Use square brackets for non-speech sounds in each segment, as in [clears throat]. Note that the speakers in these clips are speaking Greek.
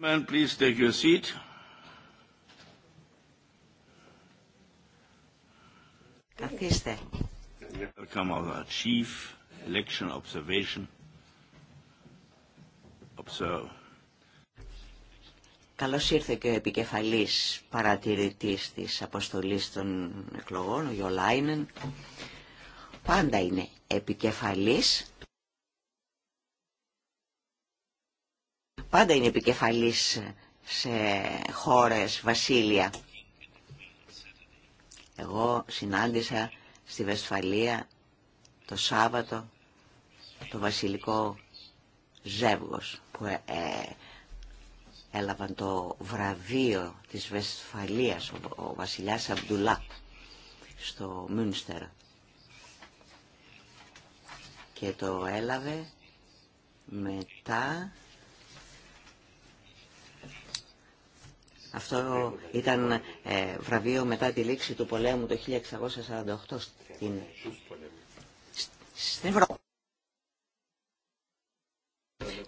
Gentlemen, please take your seat. Καθίστε. Welcome our chief election observation. Observe. Καλώς ήρθε και ο επικεφαλής παρατηρητής της αποστολής των εκλογών, ο Γιολάινεν. Πάντα είναι επικεφαλής πάντα είναι επικεφαλής σε χώρες, βασίλεια. Εγώ συνάντησα στη Βεσφαλία το Σάββατο το βασιλικό ζεύγος που ε, ε έλαβαν το βραβείο της Βεσφαλίας ο, ο βασιλιάς Αμπτουλά στο Μούνστερ και το έλαβε μετά Αυτό ήταν ε, βραβείο μετά τη λήξη του πολέμου το 1648 στην, στην Ευρώπη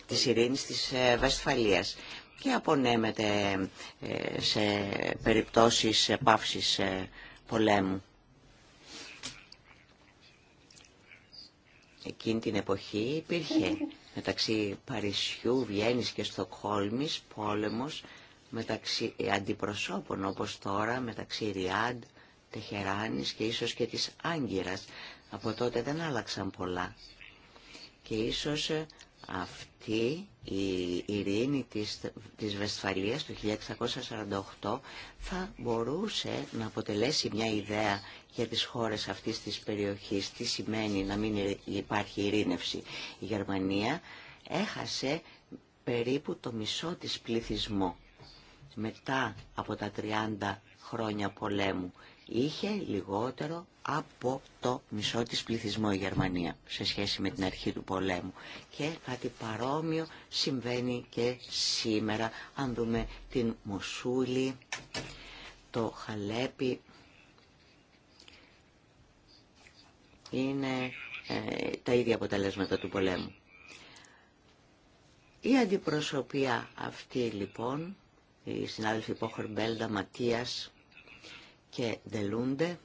τη ειρήνη της ε, Βεσφαλία. και απονέμεται ε, σε περιπτώσεις πάυσης πολέμου. Εκείνη την εποχή υπήρχε μεταξύ Παρισιού, Βιέννης και Στοκχόλμης πόλεμος μεταξύ αντιπροσώπων όπως τώρα μεταξύ Ριάντ, Τεχεράνης και ίσως και της Άγκυρας. Από τότε δεν άλλαξαν πολλά. Και ίσως ε, αυτή η ειρήνη της, της Βεσφαλίας του 1648 θα μπορούσε να αποτελέσει μια ιδέα για τις χώρες αυτής της περιοχής. Τι σημαίνει να μην ε, υπάρχει ειρήνευση. Η Γερμανία έχασε περίπου το μισό της πληθυσμού μετά από τα 30 χρόνια πολέμου. Είχε λιγότερο από το μισό της πληθυσμό η Γερμανία σε σχέση με την αρχή του πολέμου. Και κάτι παρόμοιο συμβαίνει και σήμερα. Αν δούμε την Μοσούλη, το Χαλέπι, είναι ε, τα ίδια αποτελέσματα του πολέμου. Η αντιπροσωπεία αυτή λοιπόν οι συνάδελφοι Πόχορ Μπέλντα, Ματίας και Δελούντε.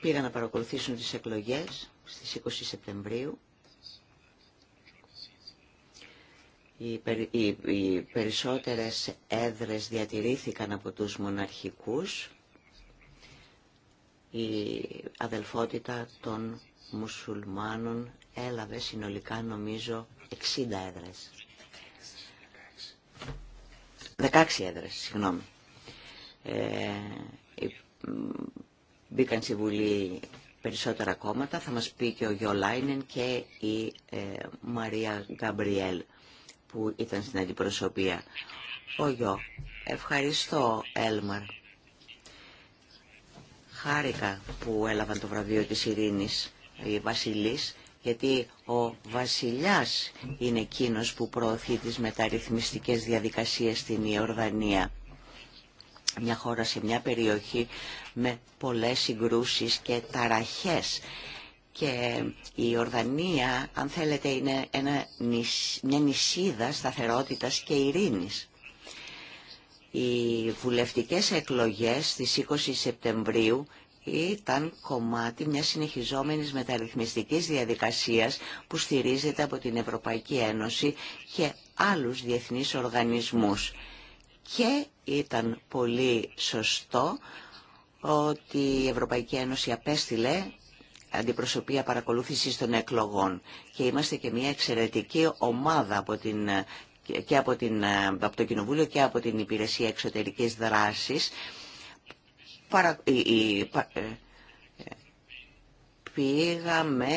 Πήγαν να παρακολουθήσουν τις εκλογές στις 20 Σεπτεμβρίου. Οι περισσότερες έδρες διατηρήθηκαν από τους μοναρχικούς η αδελφότητα των μουσουλμάνων έλαβε συνολικά νομίζω 60 έδρες. 16 έδρες, συγγνώμη. Ε, μπήκαν στη Βουλή περισσότερα κόμματα, θα μας πει και ο Γιώ Λάινεν και η ε, Μαρία Γκαμπριέλ που ήταν στην αντιπροσωπεία. Ο Γιώ, ευχαριστώ Έλμαρ Χάρηκα που έλαβαν το βραβείο της ειρήνης οι βασιλείς, γιατί ο βασιλιάς είναι εκείνο που προωθεί τις μεταρρυθμιστικές διαδικασίες στην Ιορδανία. Μια χώρα σε μια περιοχή με πολλές συγκρούσεις και ταραχές. Και η Ιορδανία, αν θέλετε, είναι ένα, μια νησίδα σταθερότητας και ειρήνης. Οι βουλευτικές εκλογές στις 20 Σεπτεμβρίου ήταν κομμάτι μιας συνεχιζόμενης μεταρρυθμιστικής διαδικασίας που στηρίζεται από την Ευρωπαϊκή Ένωση και άλλους διεθνείς οργανισμούς. Και ήταν πολύ σωστό ότι η Ευρωπαϊκή Ένωση απέστειλε αντιπροσωπεία παρακολούθησης των εκλογών και είμαστε και μια εξαιρετική ομάδα από την και από, την, ε, το Κοινοβούλιο και από την Υπηρεσία Εξωτερικής Δράσης παρα, ε, πήγαμε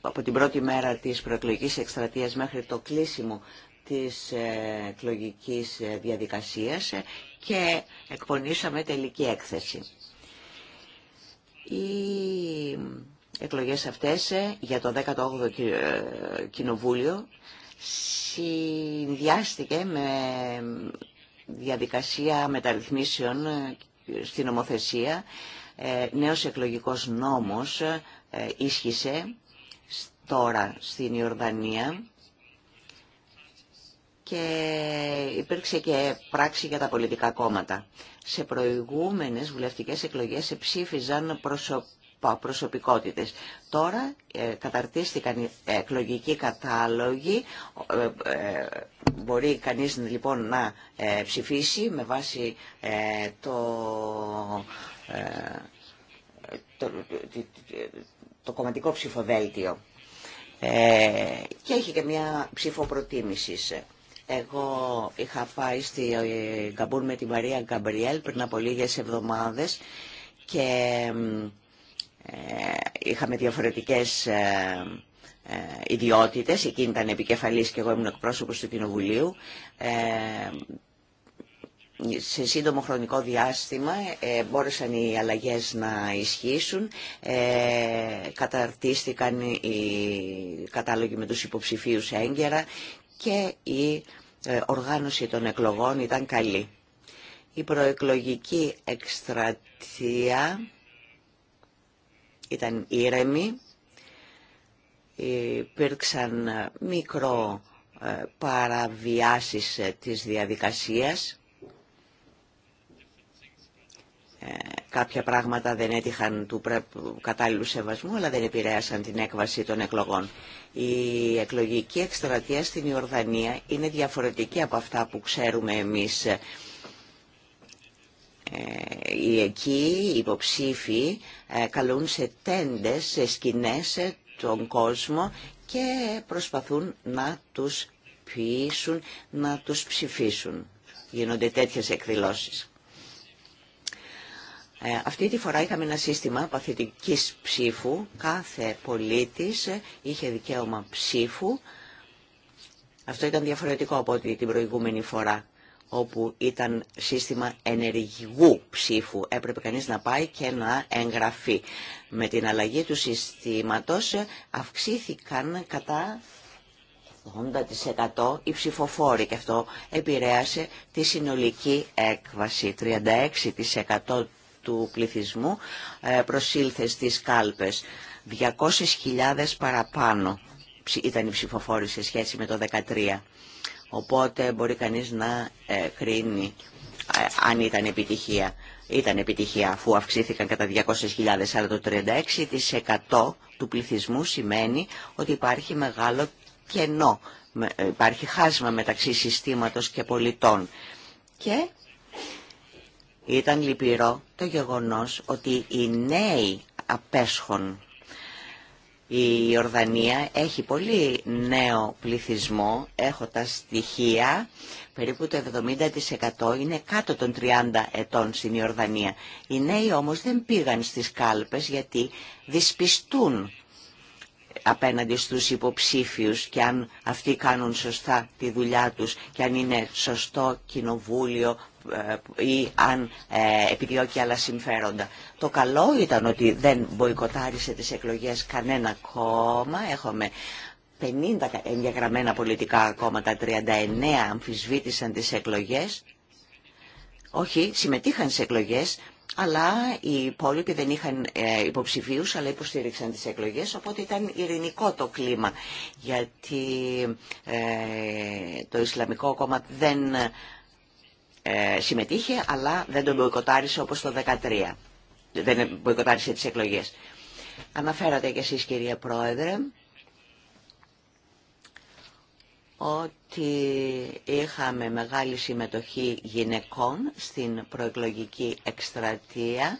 από την πρώτη μέρα της προεκλογικής εκστρατείας μέχρι το κλείσιμο της ε, εκλογικής διαδικασίας και εκπονήσαμε τελική έκθεση. Η εκλογές αυτές ε, για το 18ο ε, Κοινοβούλιο συνδυάστηκε με διαδικασία μεταρρυθμίσεων ε, στην νομοθεσία. Νέος εκλογικός νόμος ίσχυσε τώρα στην Ιορδανία και υπήρξε και πράξη για τα πολιτικά κόμματα. Σε προηγούμενες βουλευτικές εκλογές ψήφιζαν προσωπικά προσωπικότητες. Τώρα ε, καταρτίστηκαν εκλογικοί κατάλογοι, ε, ε, μπορεί κανείς λοιπόν να ψηφίσει με βάση το το, κομματικό ψηφοδέλτιο και έχει και μια ψηφοπροτίμηση. Εγώ είχα πάει στη Γκαμπούρ με τη Μαρία Γκαμπριέλ πριν από λίγες εβδομάδες και είχαμε διαφορετικές ε, ε, ιδιότητες, εκείνη ήταν επικεφαλής και εγώ ήμουν εκπρόσωπος του Κοινοβουλίου. Ε, σε σύντομο χρονικό διάστημα μπόρεσαν οι αλλαγές να ισχύσουν, καταρτίστηκαν οι κατάλογοι με τους υποψηφίους έγκαιρα και η οργάνωση των εκλογών ήταν καλή. Η προεκλογική εκστρατεία ήταν ήρεμοι, υπήρξαν ε, μικρό ε, παραβιάσεις ε, της διαδικασίας. Κάποια πράγματα δεν έτυχαν του κατάλληλου σεβασμού, αλλά δεν επηρέασαν την έκβαση των εκλογών. Η εκλογική εκστρατεία στην Ιορδανία είναι διαφορετική από αυτά που ξέρουμε εμείς ε, οι εκεί οι υποψήφοι ε, καλούν σε τέντες, σε σκηνές ε, τον κόσμο και προσπαθούν να τους ποιήσουν, να τους ψηφίσουν. Γίνονται τέτοιες εκδηλώσεις. αυτή τη φορά είχαμε ένα σύστημα παθητικής ψήφου. Κάθε πολίτης είχε δικαίωμα ψήφου. Αυτό ήταν διαφορετικό από την προηγούμενη φορά όπου ήταν σύστημα ενεργηγού ψήφου. Έπρεπε κανείς να πάει και να εγγραφεί. Με την αλλαγή του συστήματος αυξήθηκαν κατά 80% οι ψηφοφόροι και αυτό επηρέασε τη συνολική έκβαση. 36% του πληθυσμού ε, προσήλθε στις κάλπες. 200.000 παραπάνω ήταν οι ψηφοφόροι σε σχέση με το 2013. Οπότε μπορεί κανείς να κρίνει ε, ε, αν ήταν επιτυχία. Ήταν επιτυχία αφού αυξήθηκαν κατά 200.000, αλλά το 36% του πληθυσμού σημαίνει ότι υπάρχει μεγάλο κενό, ε, υπάρχει χάσμα μεταξύ συστήματος και πολιτών. Και ήταν λυπηρό το γεγονός ότι οι νέοι απέσχον η Ιορδανία έχει πολύ νέο πληθυσμό, έχω τα στοιχεία, περίπου το 70% είναι κάτω των 30 ετών στην Ιορδανία. Οι νέοι όμως δεν πήγαν στις κάλπες γιατί δυσπιστούν απέναντι στους υποψήφιους και αν αυτοί κάνουν σωστά τη δουλειά τους και αν είναι σωστό κοινοβούλιο ε, ή αν ε, επιδιώκει άλλα συμφέροντα. Το καλό ήταν ότι δεν μποϊκοτάρισε τις εκλογές κανένα κόμμα. Έχουμε 50 εγγεγραμμένα πολιτικά κόμματα, 39 αμφισβήτησαν τις εκλογές. Όχι, συμμετείχαν σε εκλογές, αλλά οι υπόλοιποι δεν είχαν ε, υποψηφίου, αλλά υποστήριξαν τις εκλογές, οπότε ήταν ειρηνικό το κλίμα, γιατί ε, το Ισλαμικό κόμμα δεν ε, συμμετείχε, αλλά δεν τον μποϊκοτάρισε όπως το 2013. Δεν μποϊκοτάρισε τις εκλογές. Αναφέρατε κι εσείς, κυρία Πρόεδρε, ότι είχαμε μεγάλη συμμετοχή γυναικών στην προεκλογική εκστρατεία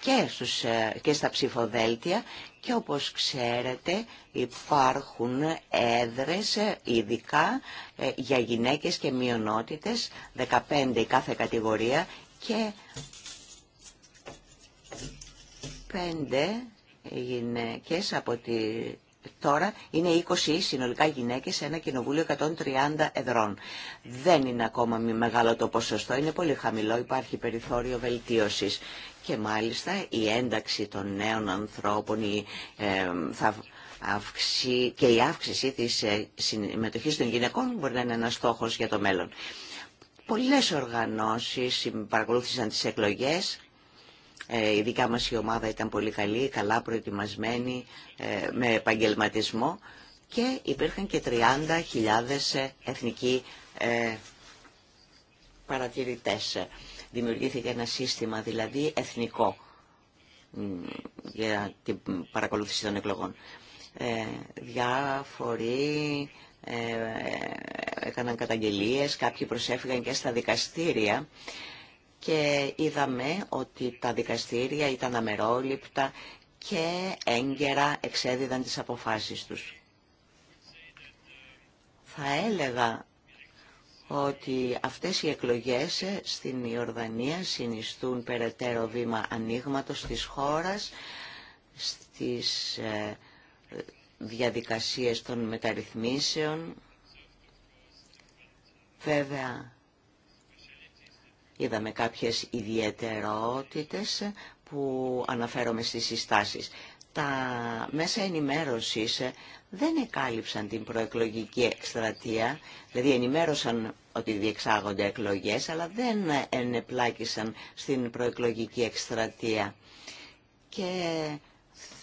και, ε, και στα ψηφοδέλτια και όπως ξέρετε υπάρχουν έδρες ε, ειδικά ε, για γυναίκες και μειονότητες, 15 η κάθε κατηγορία και 5 γυναίκες από τη τώρα είναι 20 συνολικά γυναίκες σε ένα κοινοβούλιο 130 εδρών. Δεν είναι ακόμα μη μεγάλο το ποσοστό, είναι πολύ χαμηλό, υπάρχει περιθώριο βελτίωσης. Και μάλιστα η ένταξη των νέων ανθρώπων η, θα αυξη, και η αύξηση της ε, συμμετοχής των γυναικών μπορεί να είναι ένας στόχος για το μέλλον. Πολλές οργανώσεις παρακολούθησαν τις εκλογές, ε, η δικά μας η ομάδα ήταν πολύ καλή, καλά προετοιμασμένη, ε, με επαγγελματισμό και υπήρχαν και 30.000 ε, εθνικοί παρατηρητές. Δημιουργήθηκε ένα σύστημα δηλαδή εθνικό για την παρακολούθηση των εκλογών. διάφοροι έκαναν καταγγελίες, κάποιοι προσέφυγαν και στα δικαστήρια και είδαμε ότι τα δικαστήρια ήταν αμερόληπτα και έγκαιρα εξέδιδαν τις αποφάσεις τους. Θα έλεγα ότι αυτές οι εκλογές στην Ιορδανία συνιστούν περαιτέρω βήμα ανοίγματο της χώρας, στις ε, διαδικασίες των μεταρρυθμίσεων. Βέβαια, Είδαμε κάποιες ιδιαιτερότητες που αναφέρομαι στις συστάσεις. Τα μέσα ενημέρωσης δεν εκάλυψαν την προεκλογική εκστρατεία, δηλαδή ενημέρωσαν ότι διεξάγονται εκλογές, αλλά δεν ενεπλάκησαν στην προεκλογική εκστρατεία. Και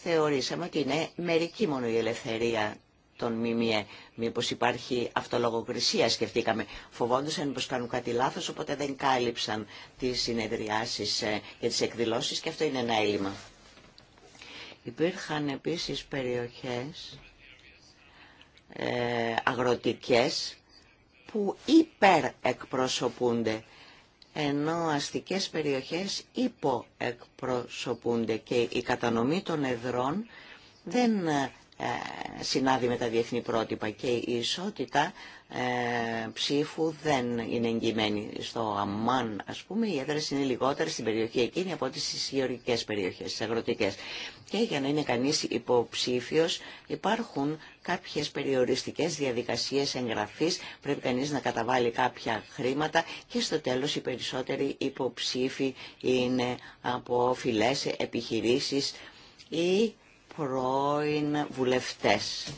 θεωρήσαμε ότι είναι μερική μόνο η ελευθερία τον ΜΜΕ. Μήπως υπάρχει αυτολογοκρισία, σκεφτήκαμε. Φοβόντουσαν πως κάνουν κάτι λάθος, οπότε δεν κάλυψαν τις συνεδριάσει ε, και τις εκδηλώσεις και αυτό είναι ένα έλλειμμα. Υπήρχαν επίσης περιοχές ε, αγροτικές που υπερεκπροσωπούνται ενώ αστικές περιοχές υποεκπροσωπούνται και η κατανομή των εδρών δεν ε, ε, συνάδει με τα διεθνή πρότυπα και η ισότητα ε, ψήφου δεν είναι εγγυημένη. Στο Αμάν, ας πούμε, οι έδρες είναι λιγότερες στην περιοχή εκείνη από τις ισχυωρικές περιοχές, τις αγροτικές. Και για να είναι κανείς υποψήφιος υπάρχουν κάποιες περιοριστικές διαδικασίες εγγραφής, πρέπει κανείς να καταβάλει κάποια χρήματα και στο τέλος οι περισσότεροι υποψήφοι είναι από φυλές, επιχειρήσεις ή πρώην βουλευτές.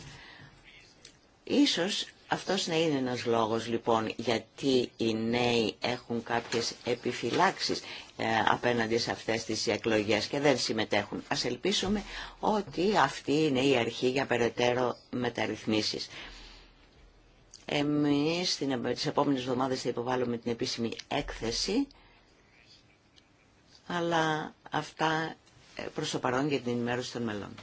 Ίσως αυτός να είναι ένας λόγος λοιπόν γιατί οι νέοι έχουν κάποιες επιφυλάξεις ε, απέναντι σε αυτές τις εκλογές και δεν συμμετέχουν. Ας ελπίσουμε ότι αυτή είναι η αρχή για περαιτέρω μεταρρυθμίσεις. Εμείς τις επόμενες εβδομάδες θα υποβάλουμε την επίσημη έκθεση, αλλά αυτά ε, προς το παρόν για την ενημέρωση των μελών.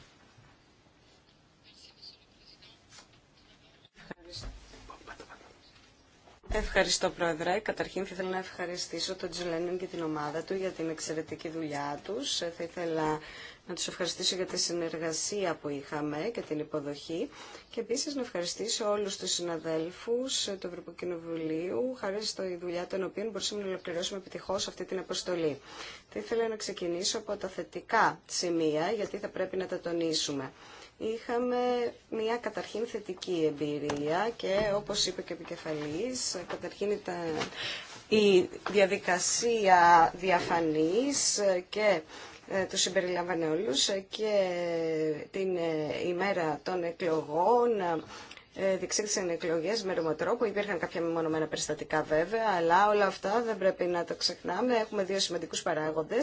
Ευχαριστώ Πρόεδρε. Καταρχήν θα ήθελα να ευχαριστήσω τον Τζουλένιν και την ομάδα του για την εξαιρετική δουλειά τους. Θα ήθελα να τους ευχαριστήσω για τη συνεργασία που είχαμε και την υποδοχή και επίσης να ευχαριστήσω όλους τους συναδέλφου του Ευρωπαϊκού Κοινοβουλίου χάρη στο δουλειά των οποίων μπορούσαμε να ολοκληρώσουμε επιτυχώ αυτή την αποστολή. Θα ήθελα να ξεκινήσω από τα θετικά σημεία γιατί θα πρέπει να τα τονίσουμε. Είχαμε μια καταρχήν θετική εμπειρία και όπως είπε και ο επικεφαλής, καταρχήν ήταν η διαδικασία διαφανής και ε, του συμπεριλαμβάνε όλους και ε, την ε, ημέρα των εκλογών ε, διεξήχθησαν εκλογέ με ρομοτρόπο. Υπήρχαν κάποια μεμονωμένα περιστατικά βέβαια, αλλά όλα αυτά δεν πρέπει να τα ξεχνάμε. Έχουμε δύο σημαντικού παράγοντε.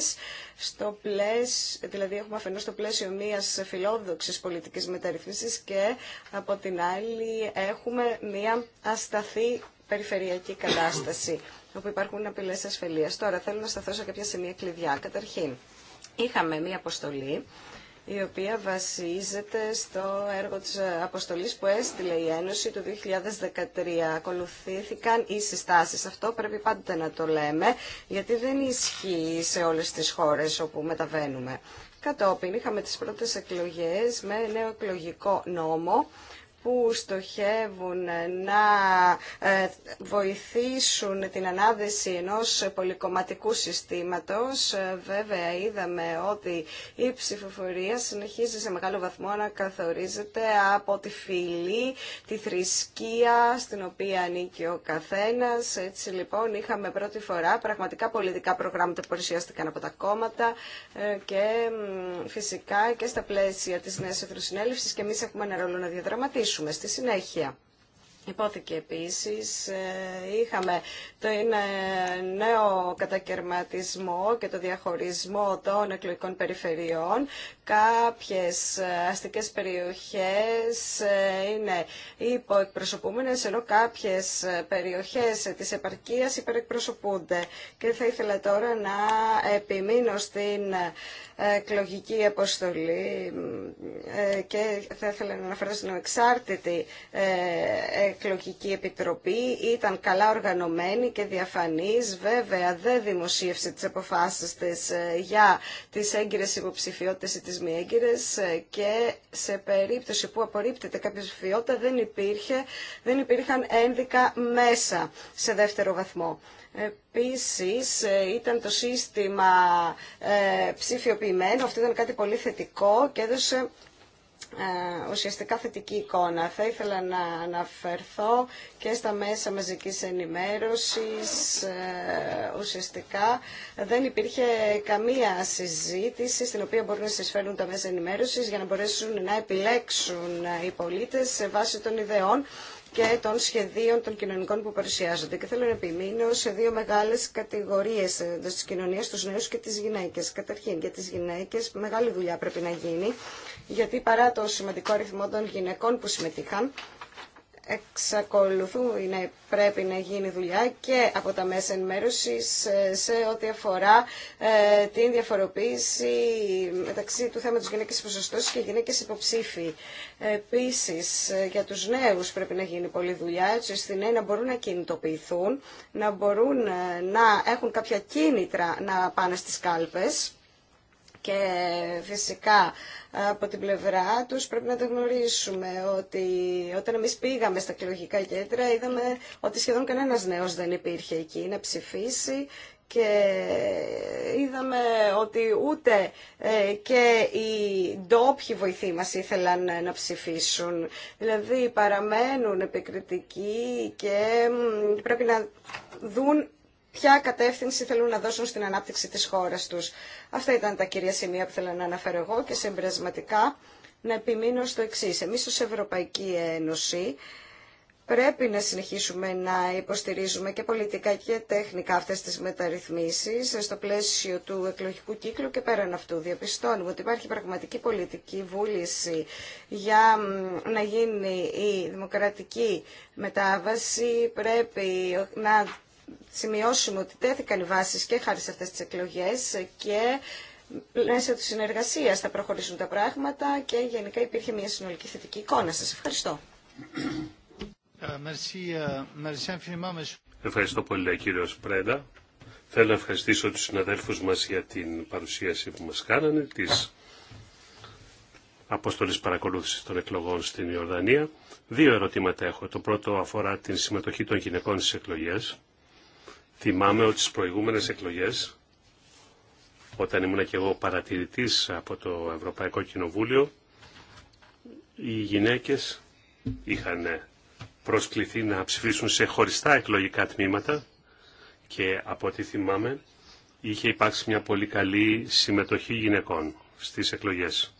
Δηλαδή, έχουμε αφενό στο πλαίσιο μια φιλόδοξη πολιτική μεταρρυθμίση και από την άλλη έχουμε μια ασταθή περιφερειακή κατάσταση όπου υπάρχουν απειλές ασφαλείας. Τώρα θέλω να σταθώ σε κάποια σημεία κλειδιά. Καταρχήν, είχαμε μία αποστολή η οποία βασίζεται στο έργο της αποστολής που έστειλε η Ένωση το 2013. Ακολουθήθηκαν οι συστάσεις. Αυτό πρέπει πάντα να το λέμε, γιατί δεν ισχύει σε όλες τις χώρες όπου μεταβαίνουμε. Κατόπιν είχαμε τις πρώτες εκλογές με νέο εκλογικό νόμο, που στοχεύουν να ε, βοηθήσουν την ανάδεση ενός πολυκομματικού συστήματος. Ε, βέβαια είδαμε ότι η ψηφοφορία συνεχίζει σε μεγάλο βαθμό να καθορίζεται από τη φυλή, τη θρησκεία στην οποία ανήκει ο καθένας. Έτσι λοιπόν είχαμε πρώτη φορά πραγματικά πολιτικά προγράμματα που παρουσιάστηκαν από τα κόμματα ε, και φυσικά και στα πλαίσια της Νέας Συνέλευσης και εμεί έχουμε ένα ρόλο να διαδραματίσουμε συζητήσουμε στη συνέχεια. Υπόθηκε επίσης, ε, είχαμε το νέο κατακαιρματισμό και το διαχωρισμό των εκλογικών περιφερειών. Κάποιες ε, αστικές περιοχές ε, είναι υποεκπροσωπούμενες, ενώ κάποιες περιοχές της επαρκείας υπερεκπροσωπούνται. Και θα ήθελα τώρα να επιμείνω στην εκλογική αποστολή και θα ήθελα να αναφέρω στην εξάρτητη εκλογική επιτροπή ήταν καλά οργανωμένη και διαφανής. Βέβαια δεν δημοσίευσε τις αποφάσεις της ε, για τις έγκυρες υποψηφιότητες ή τις μη έγκυρες ε, και σε περίπτωση που απορρίπτεται κάποια ψηφιότητα δεν, υπήρχε, δεν υπήρχαν ένδικα μέσα σε δεύτερο βαθμό. Επίσης ε, ήταν το σύστημα ψηφιοποιημένο, αυτό ήταν κάτι πολύ θετικό και έδωσε ε, ουσιαστικά θετική εικόνα. Θα ήθελα να αναφερθώ και στα μέσα μαζικής ενημέρωσης. Ε, ουσιαστικά δεν υπήρχε καμία συζήτηση στην οποία μπορούν να συσφέρουν τα μέσα ενημέρωσης για να μπορέσουν να επιλέξουν οι πολίτες σε βάση των ιδεών και των σχεδίων των κοινωνικών που παρουσιάζονται. Και θέλω να επιμείνω σε δύο μεγάλε κατηγορίε ε, τη κοινωνία, του νέου και τι γυναίκε. Καταρχήν, για τι γυναίκε μεγάλη δουλειά πρέπει να γίνει, γιατί παρά το σημαντικό αριθμό των γυναικών που συμμετείχαν, εξακολουθούν να πρέπει να γίνει δουλειά και από τα μέσα ενημέρωση ε, σε, ό,τι αφορά ε, την διαφοροποίηση μεταξύ του θέματος γυναίκες ποσοστός και γυναίκες υποψήφοι. Επίσης, ε, για τους νέους πρέπει να γίνει πολλή δουλειά, έτσι ώστε οι νέοι να μπορούν να κινητοποιηθούν, να μπορούν ε, να έχουν κάποια κίνητρα να πάνε στις κάλπες και φυσικά από την πλευρά τους πρέπει να το γνωρίσουμε ότι όταν εμείς πήγαμε στα εκλογικά κέντρα είδαμε ότι σχεδόν κανένας νέος δεν υπήρχε εκεί να ψηφίσει και είδαμε ότι ούτε ε, και οι ντόπιοι βοηθοί μας ήθελαν να ψηφίσουν. Δηλαδή παραμένουν επικριτικοί και πρέπει να δουν ποια κατεύθυνση θέλουν να δώσουν στην ανάπτυξη της χώρας τους. Αυτά ήταν τα κυρία σημεία που θέλω να αναφέρω εγώ και συμπερασματικά να επιμείνω στο εξή. Εμείς ω Ευρωπαϊκή Ένωση πρέπει να συνεχίσουμε να υποστηρίζουμε και πολιτικά και τεχνικά αυτές τις μεταρρυθμίσεις στο πλαίσιο του εκλογικού κύκλου και πέραν αυτού. Διαπιστώνουμε ότι υπάρχει πραγματική πολιτική βούληση για να γίνει η δημοκρατική μετάβαση. Πρέπει να σημειώσουμε ότι τέθηκαν οι βάσεις και χάρη σε αυτές τις εκλογές και μέσα τη συνεργασίας θα προχωρήσουν τα πράγματα και γενικά υπήρχε μια συνολική θετική εικόνα. Σας ευχαριστώ. Ευχαριστώ πολύ, κύριο Πρέντα. Θέλω να ευχαριστήσω τους συναδέλφους μας για την παρουσίαση που μας κάνανε, τις αποστολής παρακολούθησης των εκλογών στην Ιορδανία. Δύο ερωτήματα έχω. Το πρώτο αφορά την συμμετοχή των γυναικών στις εκλογές. Θυμάμαι ότι στις προηγούμενες εκλογές, όταν ήμουν και εγώ παρατηρητής από το Ευρωπαϊκό Κοινοβούλιο, οι γυναίκες είχαν προσκληθεί να ψηφίσουν σε χωριστά εκλογικά τμήματα και από ό,τι θυμάμαι είχε υπάρξει μια πολύ καλή συμμετοχή γυναικών στις εκλογές.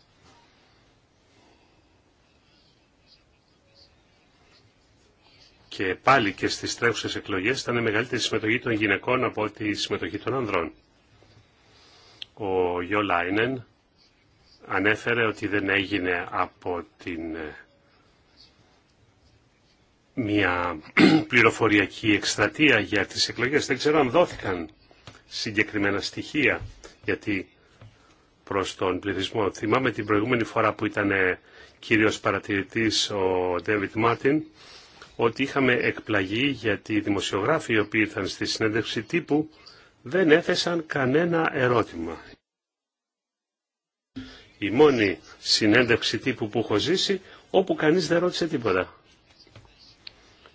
και πάλι και στις τρέχουσες εκλογές ήταν μεγαλύτερη συμμετοχή των γυναικών από τη συμμετοχή των ανδρών. Ο Γιώ Λάινεν ανέφερε ότι δεν έγινε από την ε, μια [clears throat] πληροφοριακή εκστρατεία για τις εκλογές. Δεν ξέρω αν δόθηκαν συγκεκριμένα στοιχεία, γιατί προς τον πληθυσμό. Θυμάμαι την προηγούμενη φορά που ήταν ε, κύριος παρατηρητής ο Ντέβιτ Μάρτιν, ότι είχαμε εκπλαγεί γιατί οι δημοσιογράφοι οι οποίοι ήρθαν στη συνέντευξη τύπου δεν έθεσαν κανένα ερώτημα. Η μόνη συνέντευξη τύπου που έχω ζήσει όπου κανείς δεν ρώτησε τίποτα.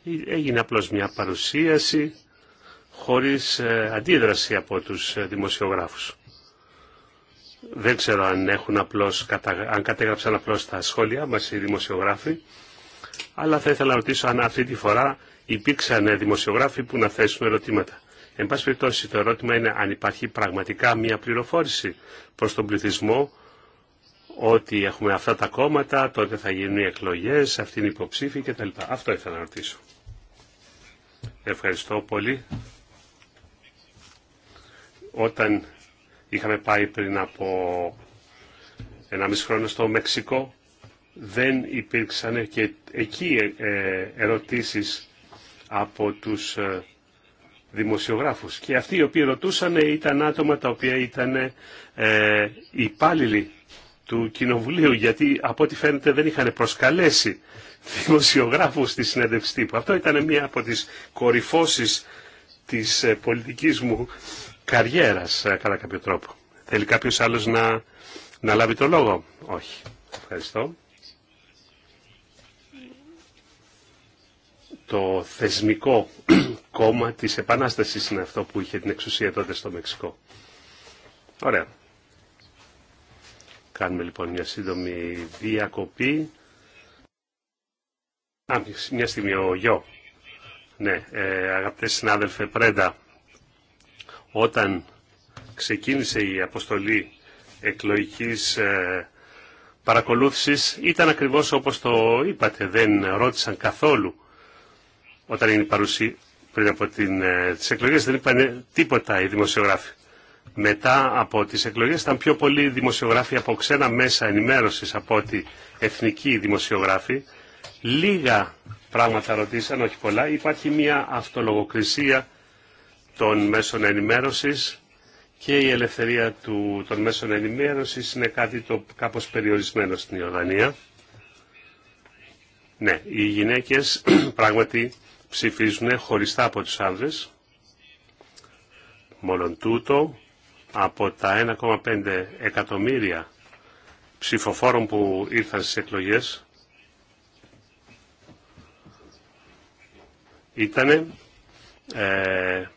Ε, έγινε απλώς μια παρουσίαση χωρίς ε, αντίδραση από τους ε, δημοσιογράφους. Δεν ξέρω αν, έχουν απλώς, αν κατέγραψαν απλώς τα σχόλια μας οι δημοσιογράφοι αλλά θα ήθελα να ρωτήσω αν αυτή τη φορά υπήρξαν δημοσιογράφοι που να θέσουν ερωτήματα. Εν πάση περιπτώσει, το ερώτημα είναι αν υπάρχει πραγματικά μια πληροφόρηση προ τον πληθυσμό ότι έχουμε αυτά τα κόμματα, τότε θα γίνουν οι εκλογές, αυτή είναι η υποψήφη κτλ. Αυτό ήθελα να ρωτήσω. Ευχαριστώ πολύ. Όταν είχαμε πάει πριν από ένα μισό χρόνο στο Μεξικό, δεν υπήρξαν και εκεί ε, ε, ερωτήσεις από τους ε, δημοσιογράφους. Και αυτοί οι οποίοι ρωτούσαν ήταν άτομα τα οποία ήταν υπάλληλοι του Κοινοβουλίου, γιατί από ό,τι φαίνεται δεν είχαν προσκαλέσει δημοσιογράφους στη συνέντευξη τύπου. Αυτό ήταν μία από τις κορυφώσεις της πολιτικής μου καριέρας, κατά κάποιο τρόπο. Θέλει κάποιος άλλος να, να λάβει το λόγο. Όχι. Ευχαριστώ. το θεσμικό [clears throat] κόμμα της Επανάστασης είναι αυτό που είχε την εξουσία τότε στο Μεξικό. Ωραία. Κάνουμε λοιπόν μια σύντομη διακοπή. Α, μια στιγμή ο γιο. Ναι, ε, αγαπητέ συνάδελφε Πρέντα, όταν ξεκίνησε η αποστολή εκλογικής ε, παρακολούθησης ήταν ακριβώς όπως το είπατε, δεν ρώτησαν καθόλου όταν είναι παρουσία πριν από την, ε, τις εκλογές δεν είπαν τίποτα οι δημοσιογράφοι. Μετά από τις εκλογές ήταν πιο πολλοί δημοσιογράφοι από ξένα μέσα ενημέρωσης από ότι εθνικοί δημοσιογράφοι. Λίγα πράγματα ρωτήσαν, όχι πολλά. Υπάρχει μια αυτολογοκρισία των μέσων ενημέρωσης και η ελευθερία του, των μέσων ενημέρωσης είναι κάτι το κάπως περιορισμένο στην Ιορδανία. Ναι, οι γυναίκες [clears throat] πράγματι ψηφίζουν χωριστά από τους άνδρες. μόνο τούτο, από τα 1,5 εκατομμύρια ψηφοφόρων που ήρθαν στις εκλογές, ήταν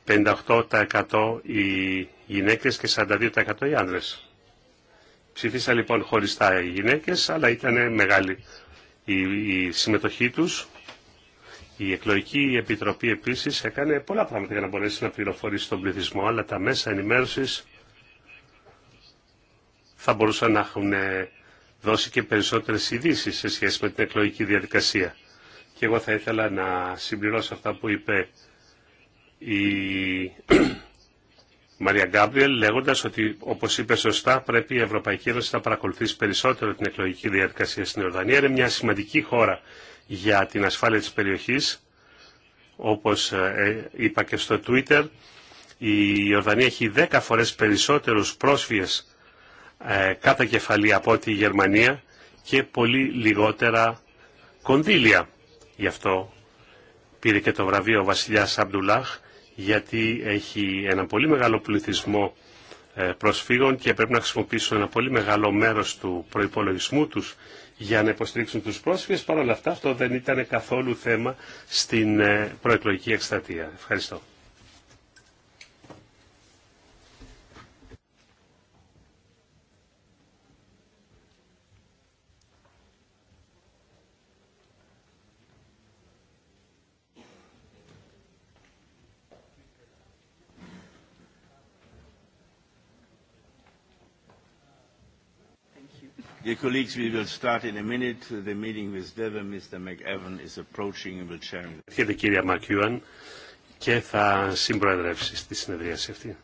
58% ε, οι γυναίκες και 42% οι άνδρες. Ψήφισαν λοιπόν χωριστά οι γυναίκες, αλλά ήταν μεγάλη η συμμετοχή τους η Εκλογική Επιτροπή επίση έκανε πολλά πράγματα για να μπορέσει να πληροφορήσει τον πληθυσμό, αλλά τα μέσα ενημέρωση θα μπορούσαν να έχουν δώσει και περισσότερε ειδήσει σε σχέση με την εκλογική διαδικασία. Και εγώ θα ήθελα να συμπληρώσω αυτά που είπε η [clears throat] Μαρία Γκάμπριελ λέγοντα ότι όπω είπε σωστά πρέπει η Ευρωπαϊκή Ένωση να παρακολουθήσει περισσότερο την εκλογική διαδικασία στην Ιορδανία. Είναι μια σημαντική χώρα για την ασφάλεια της περιοχής. Όπως ε, είπα και στο Twitter, η Ορδανία έχει 10 φορές περισσότερους πρόσφυγες ε, κατά κεφαλή από τη Γερμανία και πολύ λιγότερα κονδύλια. Γι' αυτό πήρε και το βραβείο ο βασιλιάς Αμπτουλάχ γιατί έχει ένα πολύ μεγάλο πληθυσμό ε, προσφύγων και πρέπει να χρησιμοποιήσουν ένα πολύ μεγάλο μέρος του προϋπολογισμού τους για να υποστηρίξουν τους πρόσφυγες. Παρ' όλα αυτά αυτό δεν ήταν καθόλου θέμα στην ε, προεκλογική εκστατεία. Ευχαριστώ. Dear colleagues, we will start in a minute the meeting with Devon. Mr. McEwan is approaching and will chair. Κύριε Μακιούαν και θα συμπροεδρεύσει στη συνεδρίαση αυτή.